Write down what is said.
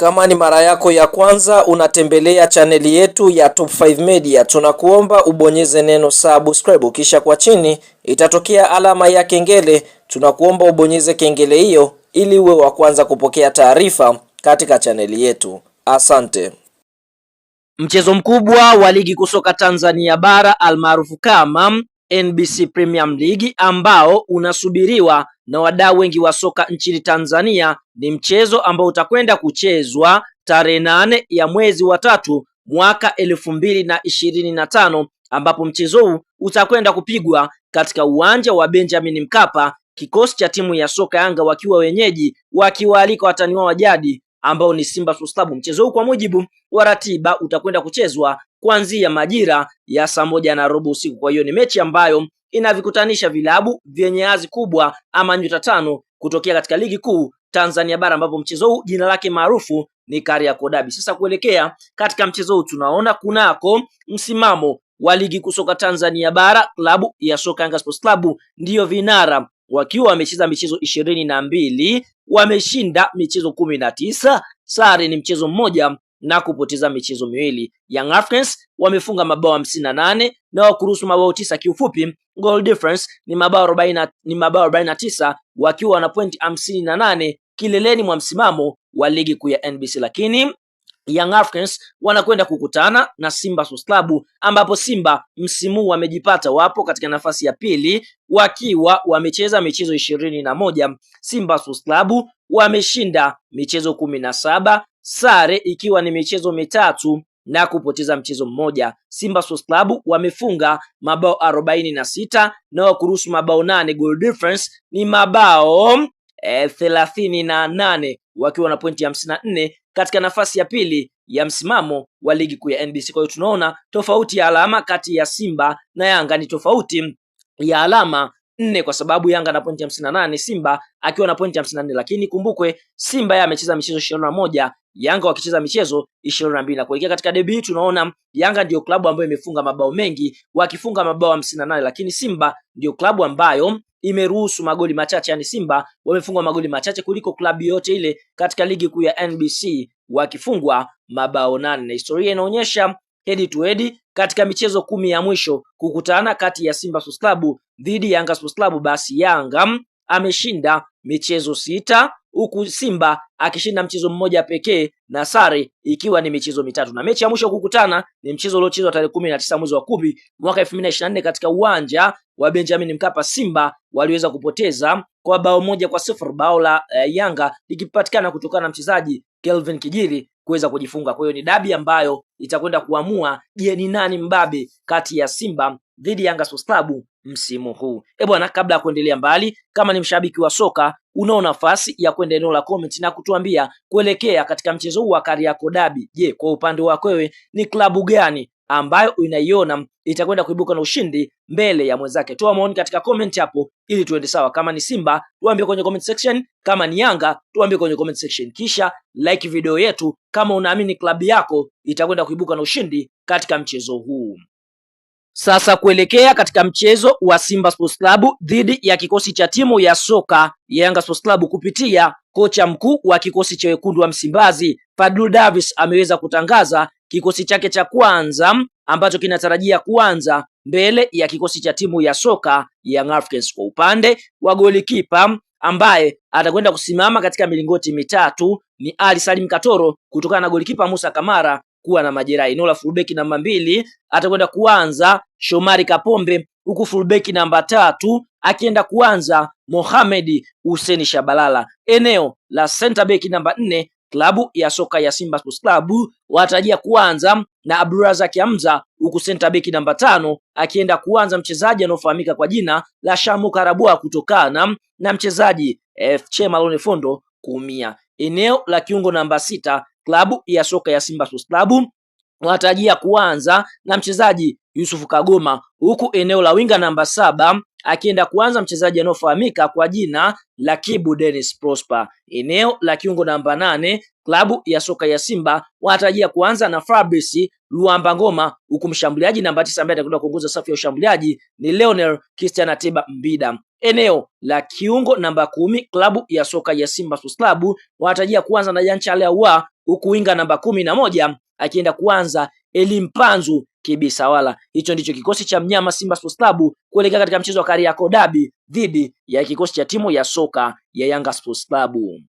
Kama ni mara yako ya kwanza unatembelea chaneli yetu ya Top 5 Media, tunakuomba ubonyeze neno subscribe, kisha kwa chini itatokea alama ya kengele. Tunakuomba ubonyeze kengele hiyo ili uwe wa kwanza kupokea taarifa katika chaneli yetu. Asante. Mchezo mkubwa wa ligi kusoka Tanzania bara almaarufu kama NBC Premium League ambao unasubiriwa na wadau wengi wa soka nchini Tanzania ni mchezo ambao utakwenda kuchezwa tarehe nane ya mwezi wa tatu mwaka elfu mbili na ishirini na tano ambapo mchezo huu utakwenda kupigwa katika uwanja wa Benjamin Mkapa, kikosi cha timu ya soka Yanga wakiwa wenyeji, wakiwaalika watani wao wa jadi ambao ni Simba Sports Club. Mchezo huu kwa mujibu wa ratiba utakwenda kuchezwa kuanzia majira ya saa moja na robo usiku. Kwa hiyo ni mechi ambayo inavikutanisha vilabu vyenye azi kubwa ama nyota tano kutokea katika ligi kuu Tanzania bara ambapo mchezo huu jina lake maarufu ni Kariakoo Derby. Sasa kuelekea katika mchezo huu tunaona kunako msimamo wa ligi kuu soka Tanzania bara, klabu ya soka Yanga Sports Club ndiyo vinara wakiwa wamecheza michezo ishirini na mbili wameshinda michezo kumi na tisa sare ni mchezo mmoja na kupoteza michezo miwili. Young Africans wamefunga mabao hamsini na nane na wakuruhusu mabao tisa. Kiufupi goal difference ni mabao 40 ni mabao 49 wakiwa na point 58 kileleni mwa msimamo wa ligi kuu ya NBC, lakini Young Africans wanakwenda kukutana na Simba Sports Club ambapo Simba msimu wamejipata wapo katika nafasi ya pili wakiwa wamecheza michezo ishirini na moja. Simba Sports Club wameshinda michezo kumi na saba, sare ikiwa ni michezo mitatu na kupoteza mchezo mmoja. Simba Sports Club wamefunga mabao arobaini na sita na wakuruhusu mabao nane, goal difference ni mabao eh, thelathini na nane wakiwa na pointi hamsini na nne katika nafasi ya pili ya msimamo wa ligi kuu ya NBC. Kwa hiyo tunaona tofauti ya alama kati ya Simba na Yanga ni tofauti ya alama nne kwa sababu Yanga na pointi hamsini na nane Simba akiwa na pointi hamsini na nne lakini kumbukwe Simba yeye amecheza michezo ishirini na moja Yanga wakicheza michezo 22 na mbili na kuelekea katika debi hii, tunaona Yanga ndiyo klabu ambayo imefunga mabao mengi wakifunga mabao hamsini na nane lakini Simba ndiyo klabu ambayo imeruhusu magoli machache, yani Simba wamefungwa magoli machache kuliko klabu yote ile katika ligi kuu ya NBC wakifungwa mabao nane, na historia inaonyesha head to head katika michezo kumi ya mwisho kukutana kati ya Simba Sports Club dhidi ya Yanga Sports Club, basi Yanga ameshinda michezo sita huku Simba akishinda mchezo mmoja pekee na sare ikiwa ni michezo mitatu, na mechi ya mwisho kukutana ni mchezo uliochezwa tarehe kumi na tisa mwezi wa kumi mwaka 2024 katika uwanja wa Benjamin Mkapa. Simba waliweza kupoteza kwa bao moja kwa sifuri, bao la uh, Yanga likipatikana kutokana na mchezaji Kelvin Kijiri kuweza kujifunga. Kwa hiyo ni dabi ambayo itakwenda kuamua je, ni nani mbabe kati ya Simba dhidi ya Yanga Sports Club msimu huu. Eh bwana, kabla ya kuendelea mbali, kama ni mshabiki wa soka, unao nafasi ya kwenda eneo la comment na kutuambia kuelekea katika mchezo huu wa Kariakoo Derby. Je, kwa upande wako wewe ni klabu gani ambayo unaiona itakwenda kuibuka na ushindi mbele ya mwenzake. Toa maoni katika comment hapo ili tuende sawa. Kama ni Simba tuambie kwenye comment section, kama ni Yanga tuambie kwenye comment section, kisha like video yetu kama unaamini klabu yako itakwenda kuibuka na ushindi katika mchezo huu. Sasa kuelekea katika mchezo wa Simba Sports Club dhidi ya kikosi cha timu ya soka ya Yanga Sports Club kupitia kocha mkuu wa kikosi cha wekundu wa Msimbazi Fadlu Davis ameweza kutangaza kikosi chake cha kwanza ambacho kinatarajia kuanza mbele ya kikosi cha timu ya soka Young Africans kwa upande wa golikipa ambaye atakwenda kusimama katika milingoti mitatu ni Ali Salim Katoro kutokana na golikipa Musa Kamara kuwa na majeraha. Eneo la fullback namba mbili atakwenda kuanza Shomari Kapombe, huku fullback namba tatu akienda kuanza Mohamed Hussein Shabalala. Eneo la center back namba nne klabu ya soka ya Simba Sports Club watajia kuanza na Abdurazak Hamza, huku center back namba tano akienda kuanza mchezaji anaofahamika kwa jina la Shamu Karabua kutokana na mchezaji FC eh, Malone Fondo kuumia. Eneo la kiungo namba sita klabu ya soka ya Simba Sports Club wanatarajia kuanza na mchezaji Yusufu Kagoma, huku eneo la winga namba saba akienda kuanza mchezaji anayofahamika kwa jina la Kibu Dennis Prosper. Eneo la kiungo namba nane, klabu ya soka ya Simba wanatarajia kuanza na Fabrice Luamba Ngoma, huku mshambuliaji namba tisa ambaye atakwenda kuongoza safu ya ushambuliaji ni Leonel Christian Atiba Mbida. Eneo la kiungo namba kumi, klabu ya soka ya Simba Sports Club wanatarajia kuanza na Jan Charles huku winga namba kumi na moja akienda kuanza Elimpanzu sawala Hicho ndicho kikosi cha mnyama Simba Sports Club kuelekea katika mchezo wa Kariakoo Derby dhidi ya kikosi cha timu ya soka ya Yanga Sports Club.